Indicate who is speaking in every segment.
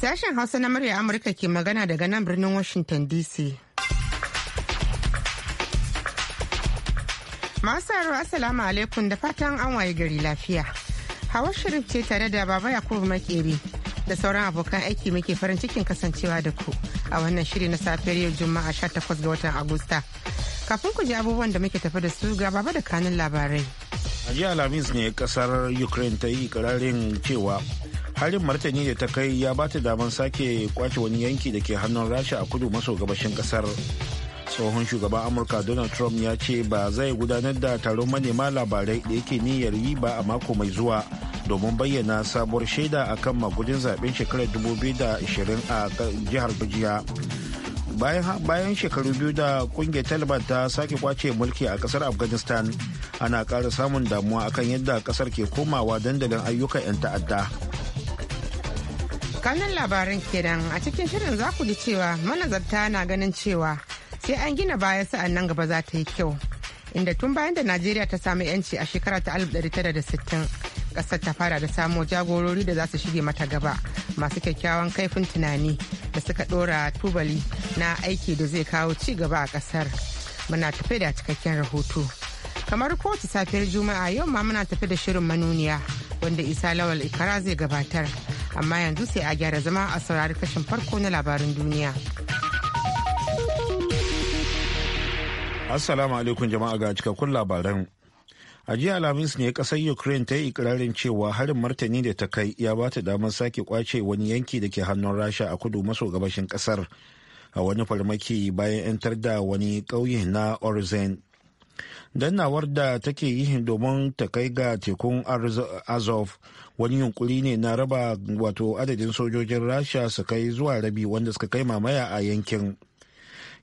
Speaker 1: Sashen Hausa na murya Amurka ke magana daga nan birnin Washington DC. Masu Assalamu alaikum da fatan an waye gari lafiya. Hawa shirin ce tare da Baba Yakubu Makeri. da sauran abokan aiki muke farin cikin kasancewa da ku a wannan shiri na safiyar yau juma'a 18 ga watan agusta kafin ku ji abubuwan da muke tafi da su ga baba da kanin labarai a
Speaker 2: jiya alhamis ne kasar ukraine ta yi kararin cewa harin martani da ta kai ya ba ta damar sake kwace wani yanki da ke hannun rasha a kudu maso gabashin kasar tsohon shugaban amurka donald trump ya ce ba zai gudanar da taron manema labarai da yake niyyar yi ba a mako mai zuwa domin bayyana sabuwar shaida a kan magudin zaben shekarar 2020 a jihar bijiya bayan shekaru biyu da kungiyar taliban ta sake kwace mulki a kasar afghanistan ana ƙara samun damuwa akan yadda kasar ke komawa dandalin ayyukan 'yan ta'adda
Speaker 1: kanan labaran kenan a cikin shirin zaku ji cewa manazarta na ganin cewa sai an gina baya sa'an nan gaba za ta yi kyau inda tun bayan da najeriya ta samu yanci a shekara ta 1960 kasar ta fara da samo jagorori da za su shige mata gaba masu kyakkyawan kaifin tunani da suka dora tubali na aiki da zai kawo ci gaba a kasar muna tafe da cikakken rahoto kamar kowace safiyar juma'a yau ma muna tafe da shirin manuniya wanda isa lawal ikara zai gabatar amma yanzu sai a gyara zama a saurari kashin farko na labarin duniya.
Speaker 2: Assalamu alaikum jama'a ga cikakkun labaran. A jiya Alhamis ne kasar Ukraine ta yi ikirarin cewa harin martani da ta kai ya ba ta damar sake kwace wani yanki da ke hannun Rasha a kudu maso gabashin kasar a wani farmaki bayan 'yantar da wani ƙauye na Orzen. dannawar da take yi domin ta kai ga tekun azov wani yunkuri ne na raba wato adadin sojojin rasha su kai zuwa rabi wanda suka kai mamaya a yankin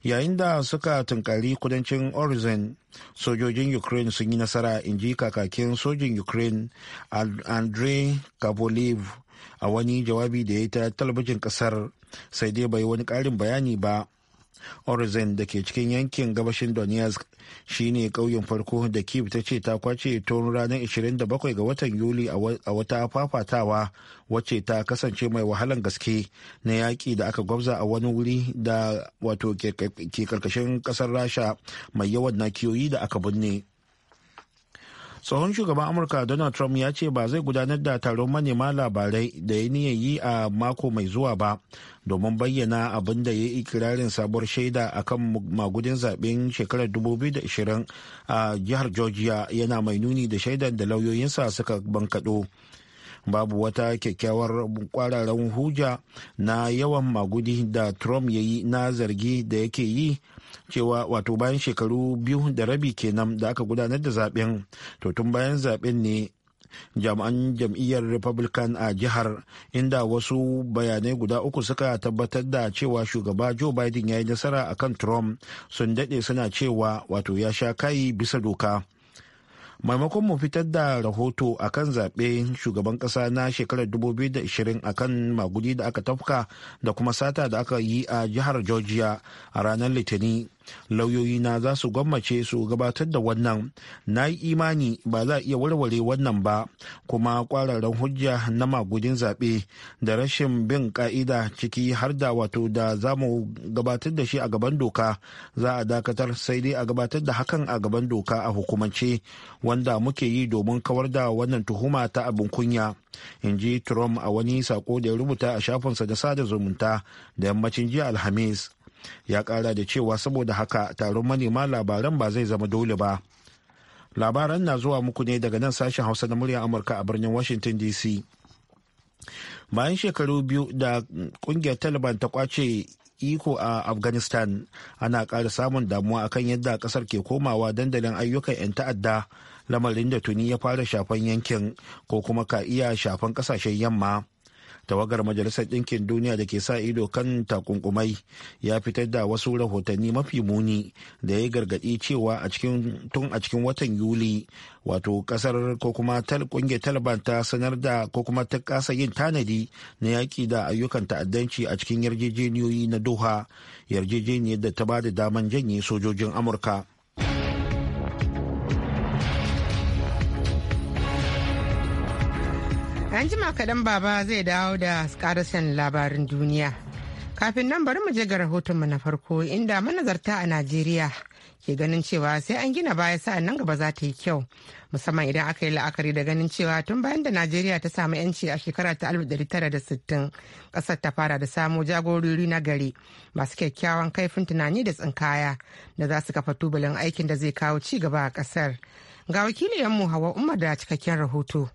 Speaker 2: yayin da suka tunkari kudancin orizon sojojin ukraine sun yi nasara in ji kakakin sojin ukraine andrey kabolev a wani jawabi da ya yi ta talabijin kasar sai dai bai wani karin bayani ba Orizon da ke cikin yankin gabashin Donetsk shine ƙauyen farko da kyiv ta ce ta kwace tun ranar 27 ga watan Yuli a wata fafatawa wacce ta kasance mai wahalan gaske na yaƙi da aka gwabza a wani wuri da wato ke karkashin ƙasar Rasha mai yawan nakiyoyi da aka binne. tsohon shugaban amurka donald trump ya ce ba zai gudanar da taron manema labarai da ya niyan yi a mako mai zuwa ba domin bayyana abin da ya yi ikirarin sabuwar shaida a kan magudin zaben shekarar 2020 a jihar georgia yana mai nuni da shaidar da lauyoyinsa suka bankaɗo babu wata kyakkyawar kwararren hujja na yawan magudi da trump ya yi na zargi da yake yi cewa wato bayan shekaru biyu da rabi kenan da aka gudanar da zaben to tun bayan zaben ne jami'an jam'iyyar republican a jihar inda wasu bayanai guda uku suka tabbatar da cewa shugaba joe biden ya yi nasara akan trump sun daɗe suna cewa wato ya sha kayi bisa doka maimakon mu fitar da rahoto a kan zaɓe shugaban ƙasa na shekarar 2020 kan magudi da aka tafka da kuma sata da aka yi a jihar georgia a ranar litinin lauyoyina za su gwammace su gabatar da wannan na yi imani ba za a iya warware wannan ba kuma kwararren hujja na magudin zaɓe da rashin bin ka'ida ciki har da wato da za mu gabatar da shi a gaban doka za a dakatar sai dai a gabatar da hakan a gaban doka a hukumance wanda muke yi domin kawar da wannan tuhuma ta abin kunya in ji trump a wani sako da ya rubuta a shafinsa da sada zumunta da yammacin jiya alhamis ya kara da cewa saboda haka taron manema labaran ba zai zama dole ba labaran na zuwa muku ne daga nan sashen hausa na murya amurka a birnin washington dc bayan shekaru biyu da kungiyar taliban ta kwace iko a afghanistan ana ƙara samun damuwa akan yadda kasar ke komawa dandalin ayyukan 'yan ta'adda lamarin da tuni ya fara shafan yankin ko kuma ka iya shafan kasashen yamma tawagar majalisar ɗinkin duniya da ke sa ido kan takunkumai ya fitar da wasu rahotanni mafi muni da ya yi gargaɗi cewa tun a cikin watan yuli wato kasar ko kuma kungiyar taliban ta sanar da ko kuma ta kasa yin tanadi na yaƙi da ayyukan ta'addanci a cikin yarjejeniyoyi na doha yarjejeniyar da ta ba da daman janye sojojin amurka.
Speaker 1: An jima kaɗan baba zai dawo da ƙarasan labarin duniya. Kafin nan bari mu je ga rahotonmu na farko inda manazarta a Najeriya ke ganin cewa sai an gina baya sa'an nan gaba za ta yi kyau musamman idan aka yi la'akari da ganin cewa tun bayan da najeriya ta samu yanci a shekara ta 1960 ƙasar ta fara da samo jagorori na gari masu kyakkyawan kaifin tunani da tsinkaya da za su kafa tubalin aikin da zai kawo ci gaba a kasar ga wakiliyanmu hawa umar da cikakken rahoto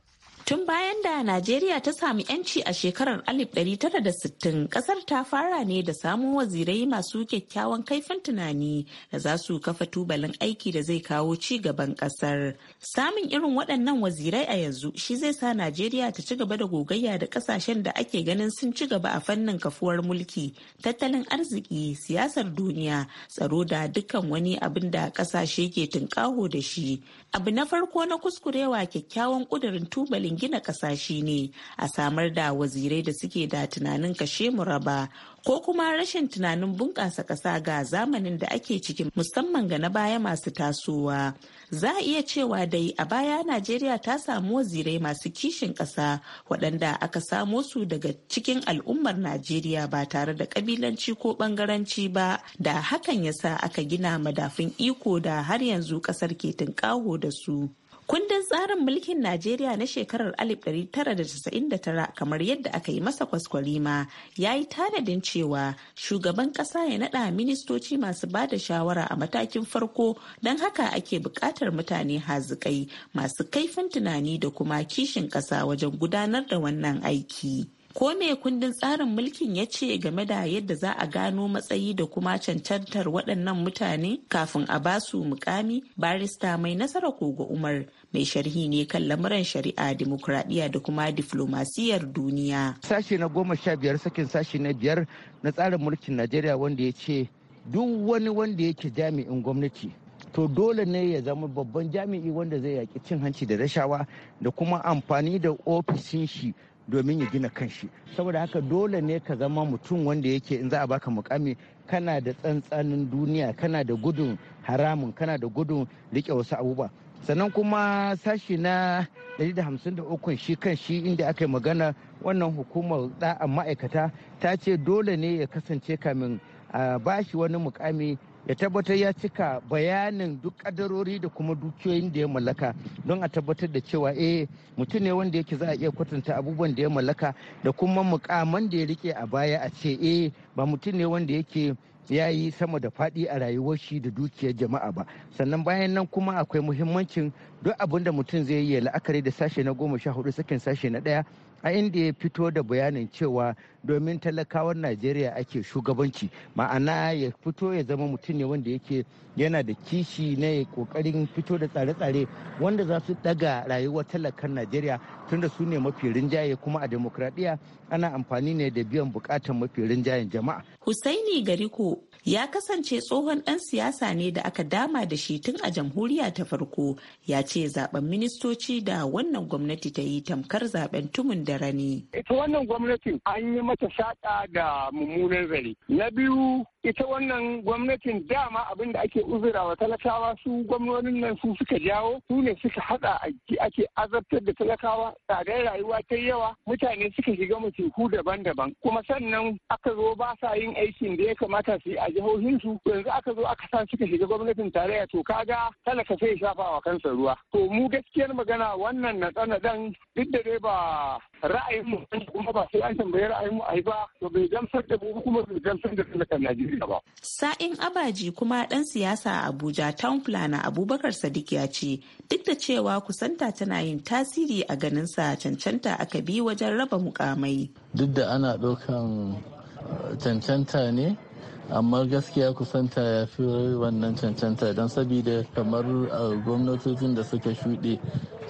Speaker 3: Tun bayan da Najeriya ta sami 'yanci a shekarar 1960 kasar ta fara ne da samun wazirai masu kyakkyawan kaifin tunani da za su kafa tubalin aiki da zai kawo ci gaban kasar. Samun irin waɗannan wazirai a yanzu shi zai sa Najeriya ta ci gaba da gogayya da ƙasashen da ake ganin sun ci gaba a fannin kafuwar mulki, tattalin arziki, siyasar duniya, tsaro da dukkan wani abin da ƙasashe ke tunƙaho da shi. Abu na farko na kuskurewa kyakkyawan ƙudurin tubalin gina ƙasa ne a samar da wazirai da suke da tunanin kashe mu raba ko kuma rashin tunanin bunƙasa ƙasa ga zamanin da ake ciki musamman ga na baya masu tasowa. Za a iya cewa dai a baya Najeriya ta samu wazirai masu kishin ƙasa waɗanda aka samo su daga cikin al'ummar Najeriya ba tare da ƙabilanci ko ɓangaranci ba da hakan ya sa aka gina madafin iko da har yanzu ƙasar ke tunƙaho da su. Kundin tsarin mulkin Najeriya na shekarar 1999 kamar yadda aka yi masa kwaskwarima ya yi tanadin cewa shugaban kasa ya naɗa ministoci masu ba da shawara a matakin farko don haka ake buƙatar mutane hazikai masu kaifin tunani da kuma kishin ƙasa wajen gudanar da wannan aiki. ko me kundin tsarin mulkin ya ce game da yadda za a gano matsayi da kuma cancantar waɗannan mutane kafin a basu mukami barista mai nasara kogo umar mai sharhi ne kan lamuran shari'a dimokuraɗiyya da kuma diflomasiyyar duniya.
Speaker 4: sashi na goma sha biyar sakin sashi na biyar na tsarin mulkin Najeriya wanda ya ce duk wani wanda yake jami'in gwamnati to dole ne ya zama babban jami'i wanda zai yaki cin hanci da rashawa da kuma amfani da ofishin shi domin ya gina kanshi saboda haka dole ne ka zama mutum wanda yake in za a baka mukami kana da tsantsanin duniya kana da gudun haramun kana da gudun rike wasu abubuwa sannan kuma sashi na 153 shi kan shi inda aka yi magana wannan hukumar da'an ma'aikata ta ce dole ne ya kasance kamin a bashi wani mukami ya tabbatar ya cika bayanin duk kadarori da kuma dukiyoyin da ya mallaka don a tabbatar da cewa eh mutum ne wanda yake za a iya kwatanta abubuwan da ya mallaka da kuma mukaman da ya rike a baya a ce eh ba mutum ne wanda yake ya yi sama da faɗi a rayuwar shi da dukiyar jama'a ba sannan bayan nan kuma akwai muhimmancin duk abin da mutum zai yi ya la'akari da sashe na goma sha hudu sakin sashe na ɗaya a inda ya fito da bayanin cewa domin talakawan najeriya ake shugabanci ma'ana ya fito ya zama mutum ne wanda yake yana da kishi na ya kokarin fito da tsare-tsare wanda za su daga rayuwar talakan najeriya tunda su ne mafi rinjaye kuma a demokradiyya ana amfani ne da biyan
Speaker 3: bukatan mafi rinjayen jama'a Hussaini gariko ya kasance tsohon ɗan siyasa ne da aka dama da shi tun a jamhuriya ta farko ya ce zaben ministoci da wannan gwamnati ta yi tamkar zaben tumun da rani. Ita wannan gwamnatin an yi mata
Speaker 5: shaɗa da mummunan zare. Na biyu ita wannan gwamnatin dama abin da
Speaker 6: ake uzura wa talakawa su gwamnonin nan su suka jawo su ne suka hada ake azabtar da talakawa tsadar
Speaker 5: rayuwa ta yawa
Speaker 6: mutane suka shiga mutuku daban-daban kuma
Speaker 5: sannan aka zo ba sa yin aikin da ya kamata su yi a jihohin su yanzu aka zo aka sa suka shiga gwamnatin tarayya to kaga talaka sai shafa wa kansa ruwa to mu gaskiyar magana wannan tsana dan duk da dai ba ra'ayin mu kuma ba sai an tambayi ra'ayin mu yi ba
Speaker 7: to bai gamsar da mu kuma bai gamsar da talakan Najeriya ba.
Speaker 3: Sa'in Abaji kuma ɗan siyasa a Abuja town planner Abubakar Sadiq ya ce duk da cewa kusanta tana yin tasiri a ganinsa cancanta aka bi wajen raba mukamai. Duk da ana ɗaukan
Speaker 6: eh, cancanta ne amma gaskiya kusanta ya fi wannan cancanta don sabida kamar a gwamnatocin da suka shuɗe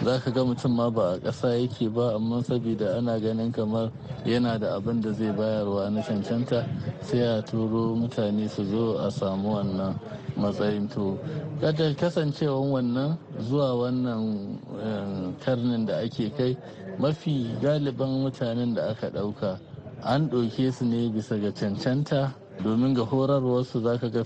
Speaker 6: za ka ga mutum ma ba a ƙasa yake ba amma sabida ana ganin kamar yana da abin da zai bayarwa na cancanta sai a turo mutane su zo a samu wannan matsayin to kada kasancewan wannan zuwa wannan eh, karnin da ake kai mafi galiban mutanen da aka ɗauka an ɗauke su ne bisa ga cancanta domin ga horarwarsu za ka ga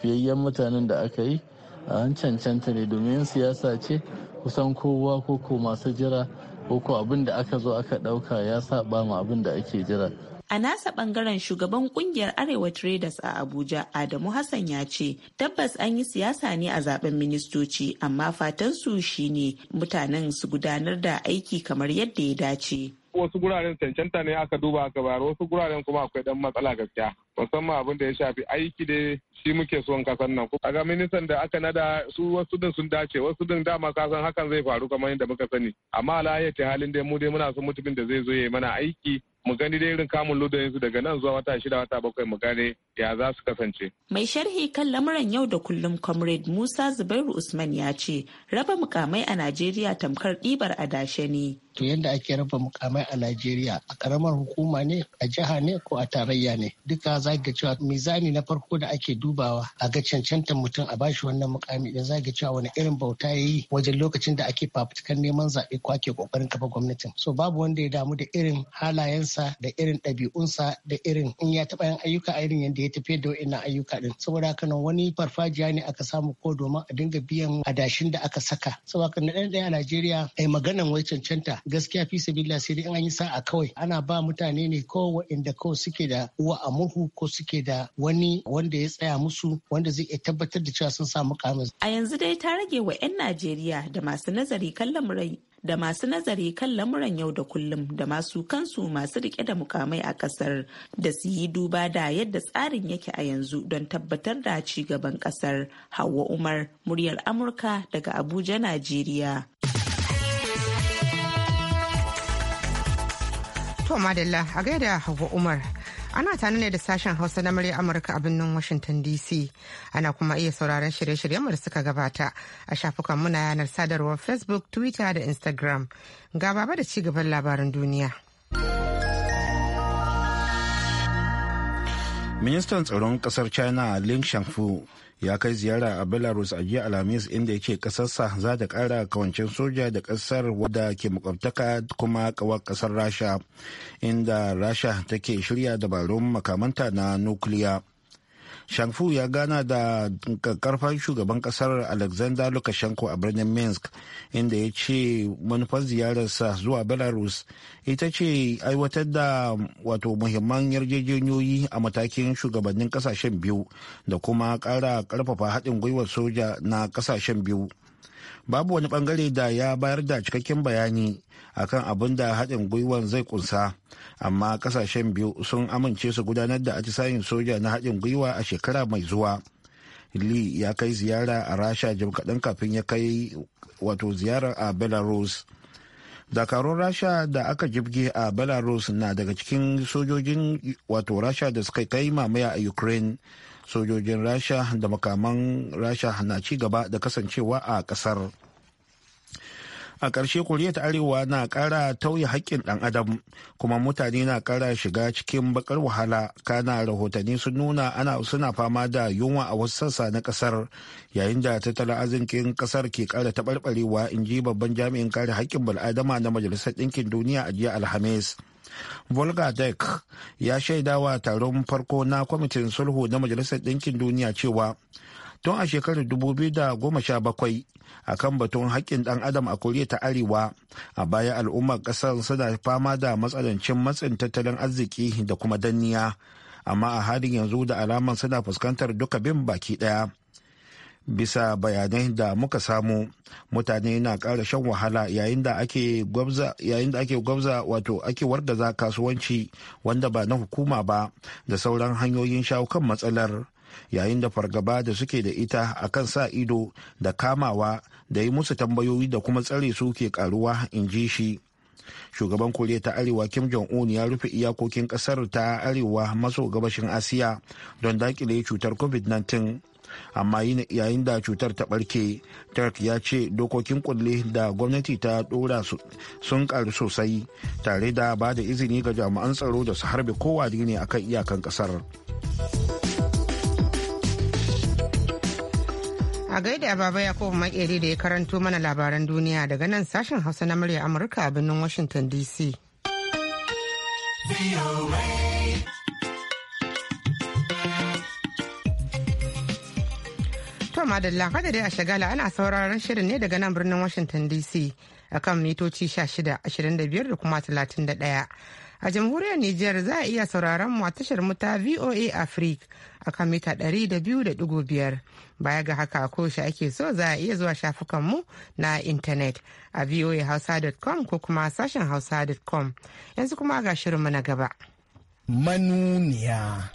Speaker 6: fiyayyen mutanen da aka yi an cancanta ne domin siyasa ce kusan kowa ko ko masu jira ko ko abin da aka zo aka ɗauka ya saba ma abin da ake jira
Speaker 3: A nasa bangaren shugaban kungiyar Arewa Traders a Abuja Adamu Hassan ya ce tabbas an yi siyasa ne a zaben ministoci amma fatan su shine mutanen su gudanar
Speaker 8: da aiki kamar yadda ya dace. wasu guraren cancanta ne aka duba aka bayar wasu guraren kuma akwai dan matsala gaskiya musamman abin da ya shafi aiki da shi muke son kasan nan ga ministan da aka nada su wasu din sun dace wasu din dama ka hakan zai faru kamar yadda muka sani amma ta halin dai mu dai muna son mutumin da zai zo ya mana aiki mu gani dai irin kamun su daga nan zuwa wata shida wata bakwai mu gane ya za su kasance.
Speaker 3: Mai sharhi kan lamuran yau da kullum Comrade Musa Zubairu Usman ya ce raba mukamai a Najeriya tamkar ɗibar adashe ne. to
Speaker 4: yadda ake raba mukamai a Najeriya a karamar hukuma ne a jiha ne ko a tarayya ne duka za ga cewa mizani na farko da ake dubawa a ga cancanta mutum a bashi wannan mukami idan za ga cewa wani irin bauta ya yi wajen lokacin da ake fafutukan neman zaɓe ko ake kokarin kafa gwamnatin so babu wanda ya damu da irin halayensa da irin ɗabi'unsa da irin in ya taɓa yin ayyuka a irin yadda ya tafi da wa'innan ayyuka din saboda haka nan wani farfajiya ne aka samu ko domin a dinga biyan adashin da aka saka saboda haka na ɗaya a Najeriya ai maganan wai cancanta gaskiya fi sabila sai dai an yi sa'a kawai ana ba mutane ne ko waɗanda ko suke da uwa a murhu ko suke da wani wanda ya tsaya musu wanda zai tabbatar da cewa sun samu kamus.
Speaker 3: A yanzu dai ta rage wa 'yan Najeriya da masu nazari kan lamurai da masu nazari kan lamuran yau da kullum da masu kansu masu rike da mukamai a kasar da su yi duba da yadda tsarin yake a yanzu don tabbatar da ci gaban kasar hawa umar muryar amurka daga abuja najeriya
Speaker 1: To madalla a gaida Hauwa Umar. Ana tare ne da sashen Hausa na murya Amurka a birnin Washington DC. Ana kuma iya sauraron shirye-shiryen da suka gabata a shafukan muna yanar sadarwar Facebook, Twitter da Instagram. Ga baba da ci gaban labaran duniya.
Speaker 2: ministan tsaron kasar china ling shangfu ya kai ziyara a belarus a jiya alhamis inda yake kasarsa za ta kara kawancin soja da kasar wadda ke makwabtaka kuma kawar kasar rasha inda rasha take shirya dabarun makamanta na nukiliya Shangfu ya gana da karfan shugaban kasar Alexander Lukashenko a birnin Minsk inda ya ce manufar ziyararsa zuwa Belarus ita ce aiwatar da wato muhimman yarjejeniyoyi a matakin shugabannin kasashen biyu da kuma kara karfafa haɗin gwiwar soja na kasashen biyu. Babu wani bangare da ya bayar da cikakken bayani akan abin da haɗin gwiwan zai kunsa amma ƙasashen biyu sun amince su gudanar da atisayin soja na haɗin gwiwa a shekara mai zuwa lee ya kai ziyara a rasha jim kaɗan kafin ya kai wato ziyarar a belarus dakarun rasha da aka jibge a belarus na daga cikin sojojin wato rasha da suka kai mamaya a ukraine sojojin rasha da makaman rasha na ci gaba da kasancewa a kasar a ƙarshe koriya ta arewa na ƙara tauye haƙƙin ɗan adam kuma mutane na ƙara shiga cikin bakar wahala kana rahotanni sun nuna ana suna fama da yunwa a wasu sassa na ƙasar yayin da tattalin arzikin ƙasar ke ƙara taɓarɓarewa in ji babban jami'in kare haƙƙin bal'adama na majalisar ɗinkin duniya a jiya alhamis volga dek ya shaidawa taron farko na kwamitin sulhu na majalisar ɗinkin duniya cewa tun a shekarar 2017 a kan batun haƙƙin ɗan adam a koriya ta arewa a baya al'ummar ƙasar suna fama da matsalancin matsin tattalin arziki da kuma danniya amma a halin yanzu da alaman suna fuskantar duka bin baki ɗaya bisa bayanai da muka samu mutane na ƙara shan wahala yayin da ake gwabza wato ake wargaza kasuwanci wanda ba na hukuma ba da sauran hanyoyin shawo kan matsalar yayin da fargaba da suke da ita a kan sa ido da kamawa da yi musu tambayoyi da kuma tsare su ke karuwa in ji shi shugaban koriya ta arewa kim jong-un ya rufe iyakokin kasar ta arewa maso gabashin asiya don dakile cutar covid-19 amma yayin da cutar ta barke turk ya ce dokokin kulle da gwamnati ta dora sun karu sosai tare da ba da izini ga jami'an tsaro da su harbe kowa ne akan iyakan kasar.
Speaker 1: A gaida Baba Yakubu Makeri da ya karanto mana labaran duniya daga nan sashen Hausa na murya Amurka a birnin Washington DC. To madalla kada dai a shagala ana sauraron shirin ne daga nan birnin Washington DC akan mitoci 16, 25 da kuma 31. A jamhuriyar Nijar za a iya sauraron mu a tashar mu ta VOA Africa a kan mita 200.5. Baya ga haka ko shi ake so za a iya zuwa shafukan mu na intanet a voahausa.com ko kuma sashen hausa.com. Yanzu kuma ga shirin mu na gaba. Manuniya.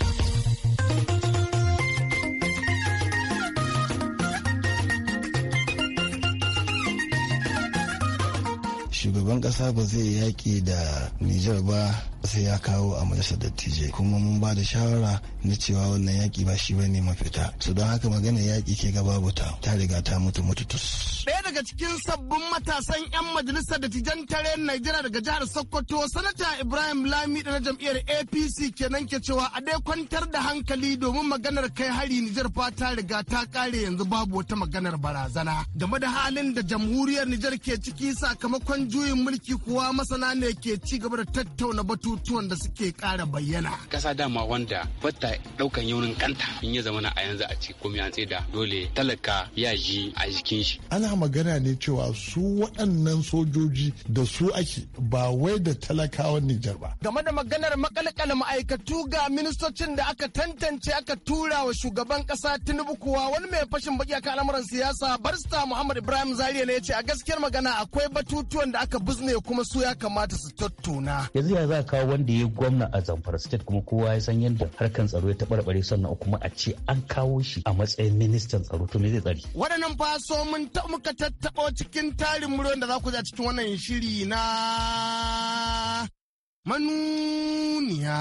Speaker 6: shugaban ƙasa ba zai yaƙi da Nijar ba sai ya kawo a majalisar dattijai kuma mun ba da shawara na cewa wannan yaƙi ba shi bane mafita su don haka magana yaƙi ke gaba buta ta riga ta mutu mututus.
Speaker 5: Ɗaya daga cikin sabbin matasan 'yan majalisar dattijan tare Najeriya daga jihar Sokoto sanata Ibrahim Lami da na jam'iyyar APC kenan ke cewa a dai kwantar da hankali domin maganar kai hari Nijar fa ta riga ta kare yanzu babu wata maganar barazana. Game da halin da jamhuriyar Nijar ke ciki sakamakon juyin mulki kuwa masana ne ke ci gaba da tattauna batu batutuwan da suke kara bayyana.
Speaker 9: Kasa dama wanda bata ɗaukan yaunin kanta in ya zamana a yanzu a ci komai an da dole talaka ya ji a jikin shi.
Speaker 10: Ana magana ne cewa su waɗannan sojoji da su ake ba wai da talakawan Nijar ba.
Speaker 5: Game da maganar makalkal ma'aikatu ga ministocin da aka tantance aka tura wa shugaban ƙasa Tinubu kuwa wani mai fashin baki akan al'amuran siyasa barista Muhammad Ibrahim Zariya ne ya ce a gaskiyar magana akwai batutuwan da aka buzne kuma su ya kamata su tattuna.
Speaker 7: Yanzu ya za kawo wanda ya gwamna a Zamfara state kuma kowa ya san yadda harkan tsaro ya taɓarɓare sannan kuma a ce an kawo shi a matsayin ministan tsaro to me zai tsari.
Speaker 5: Waɗannan faso mun taɓa muka tattaɓo cikin tarin muryoyin da za ku ji cikin wannan shiri na manuniya.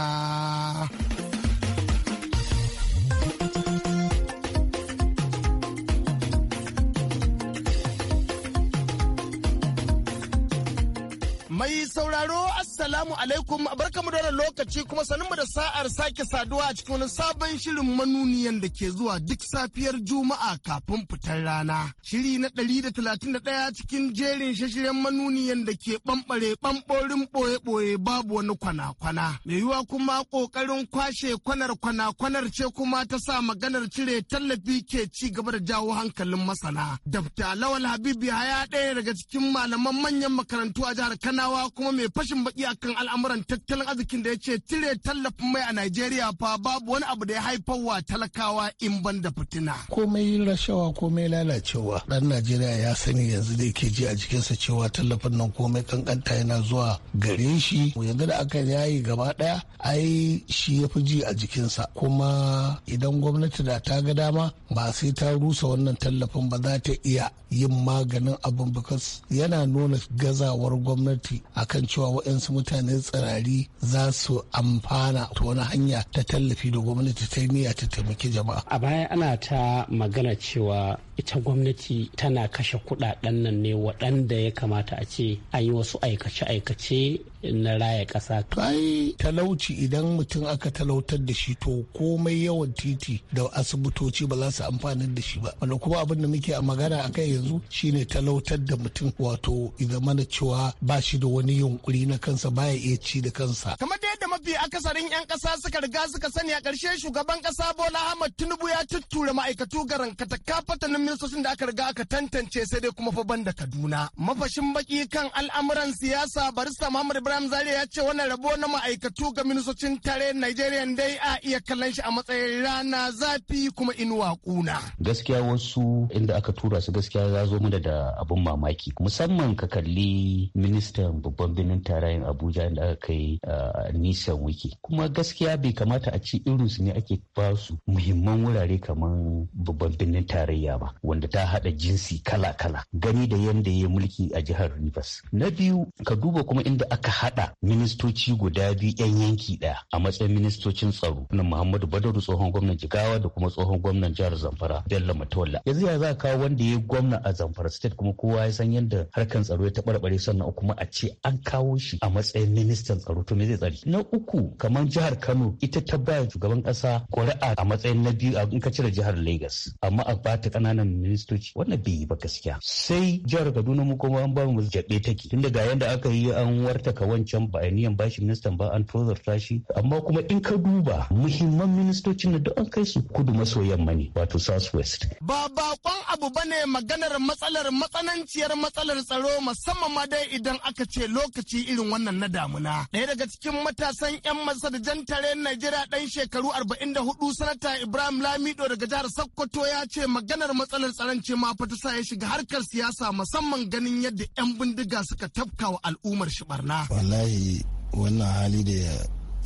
Speaker 5: Mai sauraro Assalamu alaikum barkamu da wannan lokaci kuma sanin da sa'ar sake saduwa a cikin wani sabon shirin manuniyan da ke zuwa duk safiyar Juma'a kafin fitar rana. Shiri na ɗari da talatin da ɗaya cikin jerin shashiren manuniyan da ke ɓamɓare ɓamɓorin ɓoye-ɓoye babu wani kwana-kwana. Mai yiwuwa kuma ƙoƙarin kwashe kwanar kwana-kwanar ce kuma ta sa maganar cire tallafi ke ci gaba da jawo hankalin masana. Dabta Lawal Habibu ya ɗaya daga cikin malaman manyan makarantu a jihar Kanawa kuma mai fashin baƙi. a akan al'amuran tattalin arzikin da ya ce cire tallafin mai a Najeriya fa babu wani abu da ya haifar wa talakawa in ban da fitina.
Speaker 11: Komai rashawa komai lalacewa ɗan Najeriya ya sani yanzu da ke ji a jikinsa cewa tallafin nan komai kankanta yana zuwa gare shi yanzu da aka yayi gaba ɗaya ai shi ya fi ji a jikinsa kuma idan gwamnati da ta ga dama ba sai ta rusa wannan tallafin ba za ta iya yin maganin abin bukas yana nuna gazawar gwamnati akan cewa waɗansu mutane tsirari za su amfana ta wani hanya ta tallafi da gwamnati ta niyya ta taimaki jama'a.
Speaker 7: A baya ana ta magana cewa ita gwamnati tana kashe kudaden nan ne waɗanda ya kamata a ce an yi wasu aikace-aikace na raya ƙasa.
Speaker 11: To ai talauci idan mutum aka talautar da shi to komai yawan titi da asibitoci ba za su amfani da shi ba. Wanda kuma abin da muke a magana a kai yanzu shine talautar da mutum wato idan mana cewa ba shi da wani yunkuri na kansa baya iya ci da kansa.
Speaker 5: Kamar da yadda mafi akasarin 'yan ƙasa suka riga suka sani a ƙarshe shugaban ƙasa Bola Ahmad Tinubu ya tuttura ma'aikatu garan katakafatanin ministocin da aka riga aka tantance sai dai kuma fa da Kaduna. Mafashin baki kan al'amuran siyasa barista Muhammad Ibrahim Zaria ya ce wannan rabo na ma'aikatu ga ministocin tare Nigeria dai a iya kallon shi a matsayin rana zafi kuma inuwa kuna.
Speaker 7: Gaskiya wasu inda aka tura su gaskiya ya zo mana da abun mamaki musamman ka kalli ministan babban birnin tarayyar Abuja da aka kai ah, nisan wiki kuma gaskiya bai kamata a ci irin su ne ake ba su muhimman wurare kamar babban birnin tarayya ba wanda ta haɗa jinsi kala-kala gani da yadda ya mulki a jihar Rivers. Na biyu ka duba kuma inda aka haɗa ministoci guda biyu 'yan yanki ɗaya a matsayin ministocin tsaro na Muhammadu Badaru tsohon gwamnan Jigawa da kuma tsohon gwamnan jihar Zamfara Bello Matola. Yanzu ya za kawo wanda ya gwamna a Zamfara State kuma kowa ya san yadda harkan tsaro ya taɓarɓare sannan kuma a ce an kawo shi a matsayin ministan tsaro to me zai tsari. Na uku kamar jihar Kano ita ta ba shugaban ƙasa ƙuri'a a matsayin na biyu in ka cire jihar Lagos amma a bata ƙananan maganan ministoci wannan bai yi ba gaskiya sai jihar kaduna mu kuma an ba mu jabe take tunda ga yanda aka yi an wartaka wancan bayaniyan bashi ministan ba an tozar tashi amma kuma in ka duba muhimman ministocin na duk an kai su kudu maso yamma ne wato south west ba bakon
Speaker 5: abu bane maganar matsalar matsananciyar matsalar tsaro musamman ma dai idan aka ce lokaci irin wannan na damuna ɗaya daga cikin matasan 'yan masarjan tare Najeriya dan shekaru 44 sanata Ibrahim Lamido daga jihar Sokoto ya ce maganar matsalar matsalar tsaron ce ma fata sa ya shiga harkar siyasa musamman ganin yadda 'yan bindiga suka tafka wa al'ummar shi barna.
Speaker 6: Wallahi wannan hali da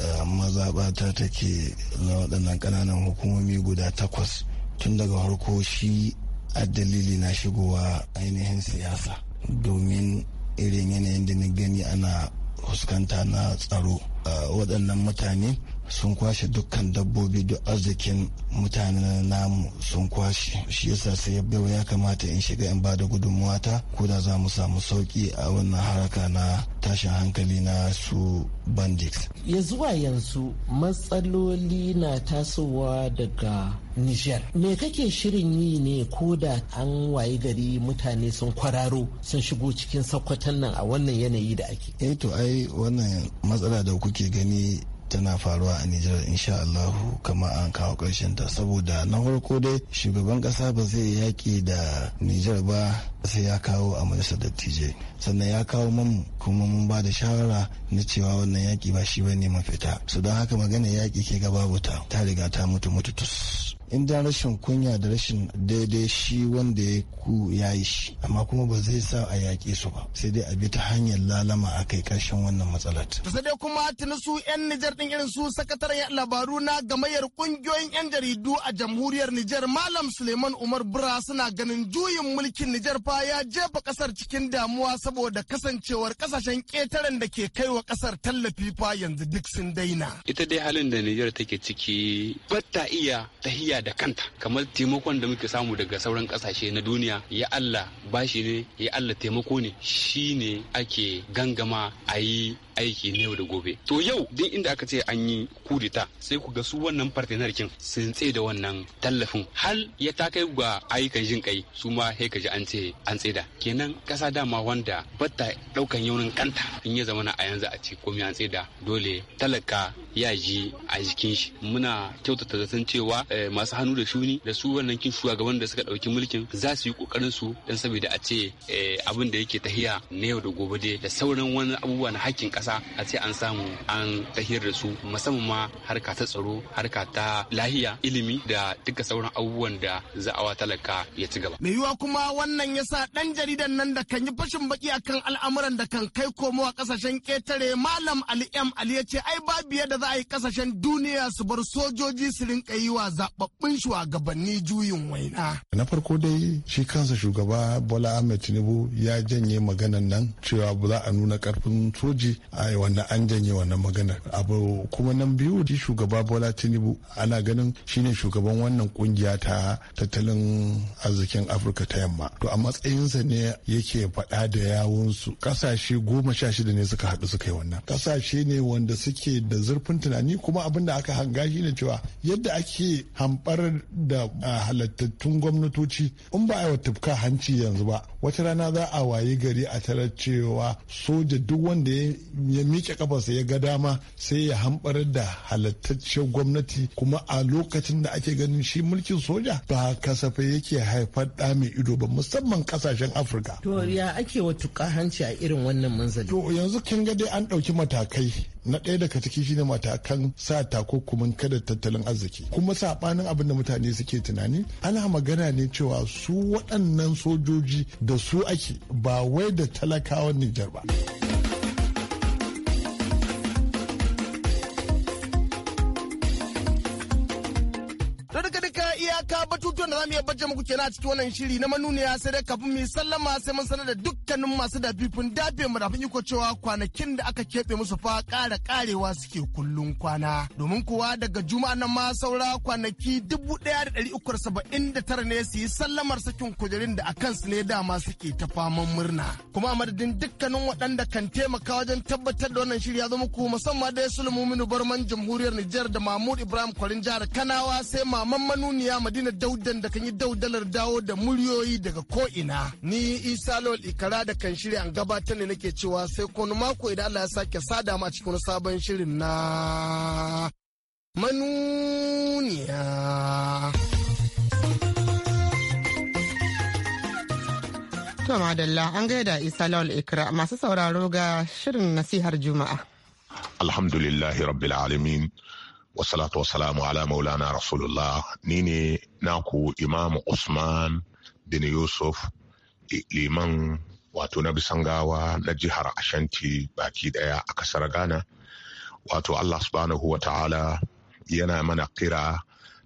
Speaker 6: eh, mazaɓata take na waɗannan ƙananan hukumomi guda takwas tun daga harko shi a dalili na shigowa ainihin siyasa domin irin yanayin da na gani ana fuskanta na tsaro eh, waɗannan mutane sun kwashe dukkan dabbobi da arzikin mutanen namu sun kwashe shi yasa sai ya ya kamata in shiga in bada gudunmuwa ta ko da za mu samu sauki a wannan haraka na tashin hankali na su bandits
Speaker 11: ya zuwa yanzu matsaloli na tasowa daga Nijar. Me kake shirin yi ne ko da an wayi gari mutane sun kwararo sun shigo cikin sakwatan nan a wannan yanayi
Speaker 6: da ake? Eh to ai wannan matsala da kuke gani tana faruwa a Nijar insha Allahu kama an kawo ƙarshen ta saboda na farko dai shugaban ƙasa ba zai yaƙi da Nijar ba sai ya kawo a da dattijai sannan ya kawo mamu kuma mun ba da shawara na cewa wannan yaki ba shi bane mafita su don haka magana yaki ke gaba ta riga ta mutu mutu tus in da rashin kunya da rashin daidai shi wanda ya ku ya yi shi amma kuma ba zai sa a yaƙe su ba sai dai a bi ta hanyar lalama a kai ƙarshen wannan matsalar.
Speaker 5: sai dai kuma tuni su 'yan Nijar din irin su sakataren labaru na gamayyar ƙungiyoyin 'yan jaridu a jamhuriyar Nijar Malam Suleiman Umar Bura suna ganin juyin mulkin Nijar fa ya jefa ƙasar cikin damuwa saboda kasancewar ƙasashen ƙetaren da ke kai wa ƙasar tallafi fa yanzu duk sun daina.
Speaker 9: Ita dai halin da Nijar take ciki bata iya tahiya tafiya da kanta kamar taimakon da muke samu daga sauran kasashe na duniya ya allah bashi ne ya allah taimako ne shi shine ake gangama a yi aiki na yau da gobe to yau duk inda aka ce an yi kudita sai ku ga su wannan partenarkin sun tsaye da wannan tallafin hal ya ta kai ga ayyukan jin kai su ma sai ka ji an ce an tsaida kenan kasa dama wanda batta daukan yaunin kanta in ya na a yanzu a ce komai an tsaida dole talaka ya ji a jikin shi muna kyautata zaton cewa eh, masu su hannu da shuni da su wannan kin shugaban da suka dauki mulkin za su yi kokarin su dan saboda a ce eh, abin da yake tahiya na yau da gobe dai da sauran wani abubuwa na hakkin kasa a ce an samu an tahiyar da su musamman ma harka ta tsaro harka ta lahiya ilimi da duka sauran abubuwan da za a talaka ya ci gaba. me
Speaker 5: yiwa kuma wannan ya sa ɗan jaridan nan da kan yi fashin baki akan al'amuran da kan kai komo a ƙasashen ƙetare Malam Ali M Ali ya ce ai babu da za a yi kasashen duniya su bar sojoji su rinka yi wa zaɓaɓɓu. zaɓin shugabanni juyin waina.
Speaker 10: Na farko dai shi kansa shugaba Bola Ahmed Tinubu ya janye maganan nan cewa ba za a nuna karfin soji a wannan an janye wannan magana. Abu kuma nan biyu shi shugaba Bola Tinubu ana ganin shine shugaban wannan ƙungiya ta tattalin arzikin Afirka ta yamma. To a matsayinsa ne yake faɗa da yawunsu ƙasashe goma sha shida ne suka haɗu suka yi wannan. Ƙasashe ne wanda suke da zurfin tunani kuma abin da aka hanga shi ne cewa yadda ake taɓar da halattattun gwamnatoci in ba a yi tufka hanci yanzu ba wata rana za a wayi gari a tarar cewa soja duk wanda ya miƙe kafarsa ya ga dama sai ya hamɓarar da halattaccen gwamnati kuma a lokacin da ake ganin shi mulkin soja ba kasafai yake haifar da mai ido ba musamman kasashen afirka to ya ake wa tuka hanci a irin wannan manzali to yanzu kin ga dai an ɗauki matakai na ɗaya daga ciki shine matakan sa takunkumin kada tattalin arziki kuma saɓanin abin da mutane suke tunani ana magana ne cewa su waɗannan sojoji da su ake ba wai da talakawan Nijar ba.
Speaker 5: ce muku kenan a cikin wannan shiri na manuniya sai dai kafin mu sallama sai mun sanar da dukkanin masu dafifin dafe mu dafin iko cewa kwanakin da aka keɓe musu fa ƙara ƙarewa suke kullun kwana. Domin kuwa daga juma'a nan ma saura kwanaki dubu ɗaya da ɗari uku saba'in da tara ne su yi sallamar sakin kujerin da a kansu ne dama suke ta faman murna. Kuma a madadin dukkanin waɗanda kan taimaka wajen tabbatar da wannan shiri ya zama ku musamman dai muminu Barman jamhuriyar Nijar da Mahmud Ibrahim Kwarin jihar Kanawa sai maman manuniya Madina Daudan da kan yi daudalar dawo da muryoyi daga ko'ina ni isa lawal ikara da kan shirya an gabatar ne nake cewa sai kone mako idan allah ya sake sada ma cikin sabon shirin na
Speaker 1: manuniya To madalla an gaida isa lawal ikra masu sauraro ga shirin nasihar juma'a
Speaker 8: alhamdulillahi rabbil alamin wasalatu wasalamu ala maulana rasulullah ni ne naku imamu usman bin yusuf liman wato na bisangawa na jihar ashanti baki daya a kasar ghana wato allah subhanahu wa ta'ala yana mana kira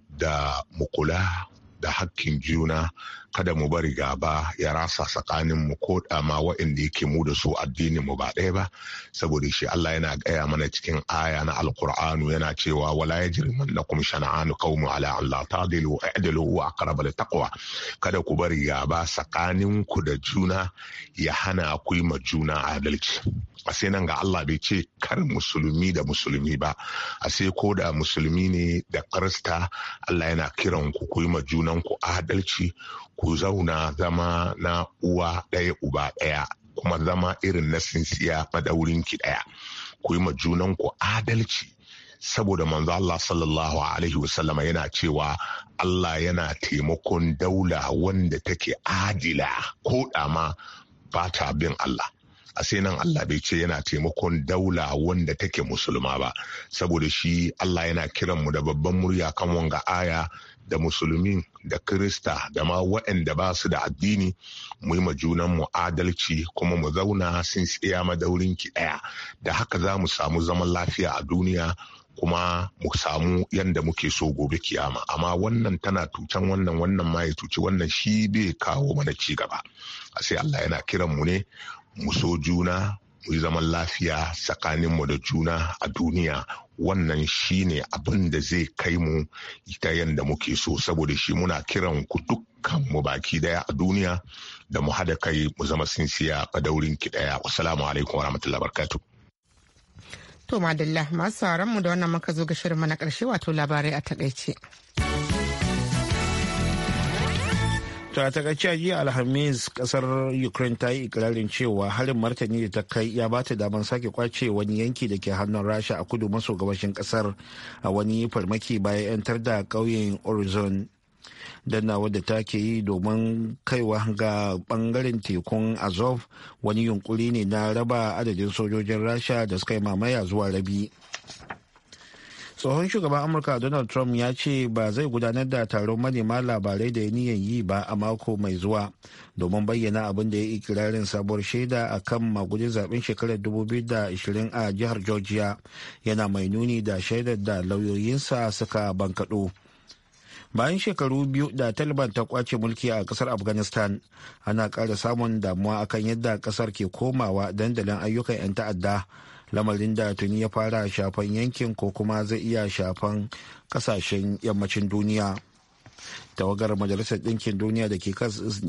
Speaker 8: da mukula da hakkin juna kada mu bari gaba ya rasa tsakanin mu ko dama waɗanda yake mu da su addinin mu ba ɗaya ba saboda shi Allah yana gaya mana cikin aya na alkur'anu yana cewa wala yajrimannakum shana'anu qaumun ala an la tadilu i'dilu wa aqrabu taqwa kada ku bari gaba tsakanin ku da juna ya hana ku yi ma juna adalci a sai nan ga Allah bai ce kar musulmi da musulmi ba a sai ko da musulmi ne da krista Allah yana kiran ku ku yi ma junan ku adalci ku zauna zama na uwa ɗaya uba ɗaya kuma zama irin na sinsiya madaurinki ɗaya ku yi ma junanku adalci saboda manzo Allah sallallahu alaihi wasallama yana cewa Allah yana taimakon daula wanda take adila ko da ba ta bin Allah a sai nan Allah bai ce yana taimakon daula wanda take musulma ba saboda shi Allah yana kiran mu da babban murya kan wanga aya da musulmi da kirista da ma waɗanda ba su da addini mu yi ma junan mu adalci kuma mu zauna sun tsaya madaurin ki ɗaya da haka za mu samu zaman lafiya a duniya kuma mu samu yadda muke so gobe kiyama amma wannan tana tucan wannan wannan ma ya tuci wannan shi bai kawo mana ci gaba sai Allah yana kiran mu ne mu so juna mu yi zaman lafiya tsakaninmu da juna a duniya wannan shine abin da zai kai mu ita yadda muke so saboda shi muna kiran ku dukkan mu baki daya a duniya da mu hada kai mu zama sinsiya a daurin ki daya assalamu alaikum warahmatullahi wabarakatuh
Speaker 1: to madalla masu mu da wannan muka zo ga shirin na karshe wato labarai a takaice
Speaker 8: To a
Speaker 2: takaice a jiya Alhamis kasar Ukraine ta yi ikirarin cewa harin martani da ta kai ya ba ta damar sake kwace wani yanki da ke hannun Rasha a kudu maso gabashin kasar a wani farmaki bayan 'yantar da ƙauyen Orizon. Dannawa da ta ke yi domin kaiwa ga bangaren tekun Azov wani yunkuri ne na raba adadin sojojin Rasha da suka yi mamaya zuwa rabi. tsohon shugaban amurka donald trump ya ce ba zai gudanar da taron manema labarai da ya niyan yi ba a mako mai zuwa domin bayyana abin da ya yi kirarin sabuwar shaida a kan magudin zaben shekarar 2020 a jihar georgia yana mai nuni da shaidar da lauyoyinsa suka bankaɗo bayan shekaru biyu da taliban ta kwace mulki a kasar afghanistan ana ƙara samun damuwa akan yadda kasar ke komawa dandalin ayyukan 'yan ta'adda lamarin da tuni ya fara shafan yankin ko kuma zai iya shafan kasashen yammacin duniya tawagar majalisar ɗinkin duniya da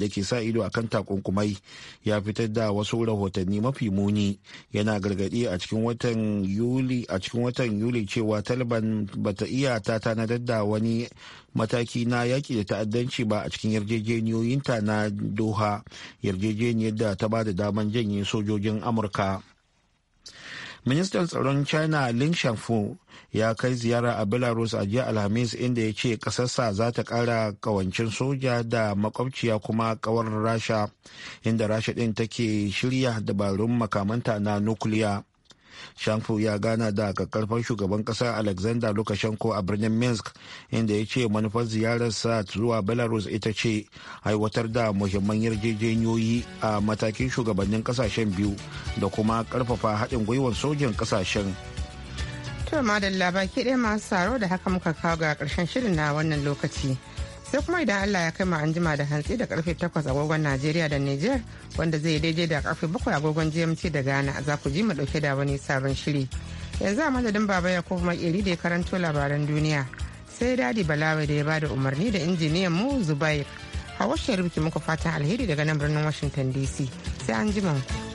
Speaker 2: ke sa ido a kan takunkumai ya fitar da wasu rahotanni mafi muni yana gargaɗi a cikin watan yuli a cikin watan yuli cewa taliban bata iya ta tanadar da wani mataki na yaki da ta'addanci ba a cikin yarjejeniyoyinta na doha yarjejeniyar da ta ba da daman janye sojojin amurka ministan tsaron china ling shangfu ya kai ziyara a belarus a jiya alhamis inda ya ce kasarsa za ta kara kawancin soja da makwabciya kuma ƙawar rasha inda rasha ɗin take shirya dabarun makamanta na nukiliya shamfu ya gana da kakkarfan shugaban kasa alexander lukashenko a birnin minsk inda ya ce manufar ziyararsa zuwa belarus ita ce aiwatar da muhimman yarjejeniyoyi a matakin shugabannin kasashen biyu da kuma karfafa haɗin gwiwar sojin kasashen
Speaker 1: to madalla baki ɗaya masu saro da haka muka kawo ga ƙarshen shirin na wannan lokaci sai kuma idan Allah ya kai ma an jima da hantsi da karfe 8 agogon Najeriya da Niger wanda zai daidai da karfe 7 agogon GMT da Ghana za ku ji mu dauke da wani sabon shiri. Yanzu a madadin baba ya kuma iri da ya karanto labaran duniya sai dadi balawa da ya ba da umarni da injiniyan mu Zubair. Hawa Sharif muku fatan alheri daga nan birnin Washington DC sai an jima ku.